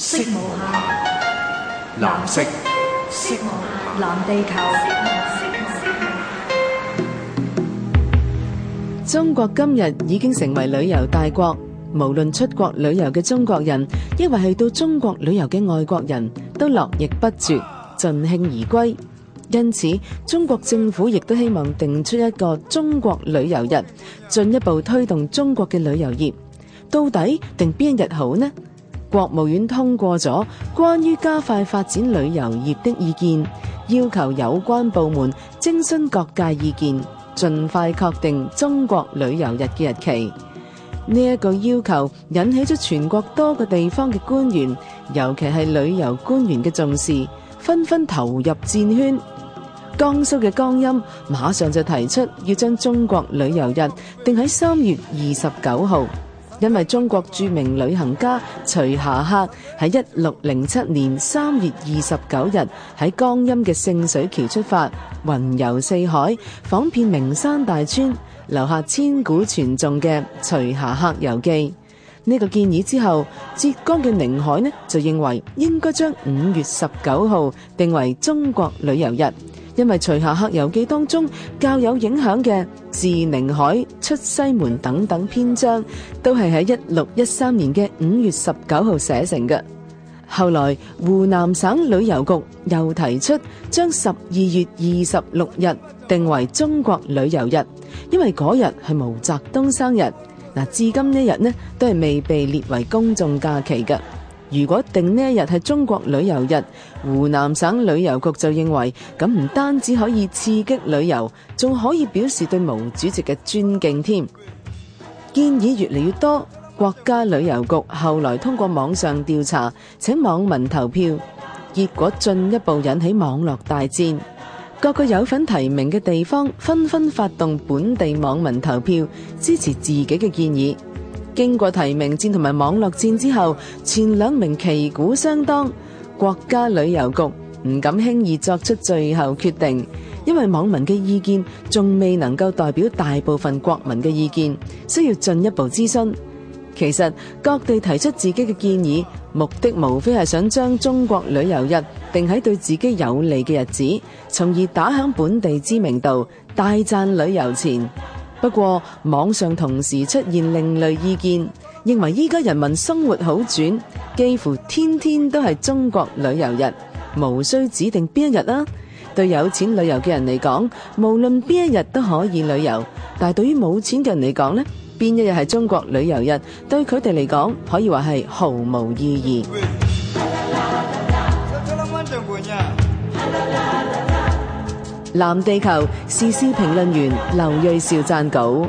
色無暇，藍色。色無暇，藍地球。中國今日已經成為旅遊大國，無論出國旅遊嘅中國人，抑或去到中國旅遊嘅外國人都絡繹不絕，盡興而歸。因此，中國政府亦都希望定出一個中國旅遊日，進一步推動中國嘅旅遊業。到底定邊一日好呢？國務院通過咗關於加快發展旅遊業的意見，要求有關部門徵詢各界意見，盡快確定中國旅遊日嘅日期。呢一個要求引起咗全國多個地方嘅官員，尤其係旅遊官員嘅重視，紛紛投入戰圈。江蘇嘅江陰馬上就提出要將中國旅遊日定喺三月二十九號。因為中國著名旅行家徐霞客喺一六零七年三月二十九日喺江陰嘅聖水橋出發，雲遊四海，訪遍名山大川，留下千古傳頌嘅《徐霞客遊記》。呢個建議之後，浙江嘅寧海呢就認為應該將五月十九號定為中國旅遊日。因為徐霞客遊記當中，較有影響嘅自寧海出西門等等篇章，都係喺1613年嘅5月19號寫成嘅。後來，湖南省旅遊局又提出將12月26日定為中國旅遊日，因為嗰日係毛澤東生日。嗱，至今呢一日呢都係未被列為公眾假期嘅。如果定呢一日係中國旅遊日，湖南省旅遊局就認為咁唔單止可以刺激旅遊，仲可以表示對毛主席嘅尊敬添。建議越嚟越多，國家旅遊局後來通過網上調查，請網民投票，結果進一步引起網絡大戰。各個有份提名嘅地方紛紛發動本地網民投票，支持自己嘅建議。經過提名戰同埋網絡戰之後，前兩名旗鼓相當。國家旅遊局唔敢輕易作出最後決定，因為網民嘅意見仲未能夠代表大部分國民嘅意見，需要進一步諮詢。其實各地提出自己嘅建議，目的無非係想將中國旅遊日定喺對自己有利嘅日子，從而打響本地知名度，大賺旅遊錢。不過網上同時出現另類意見，認為依家人民生活好轉，幾乎天天都係中國旅遊日，無需指定邊一日啦。對有錢旅遊嘅人嚟講，無論邊一日都可以旅遊，但係對於冇錢嘅人嚟講呢，邊一日係中國旅遊日，對佢哋嚟講可以話係毫無意義。啊啊啊啊啊啊啊藍地球時事評論員劉銳紹撰稿。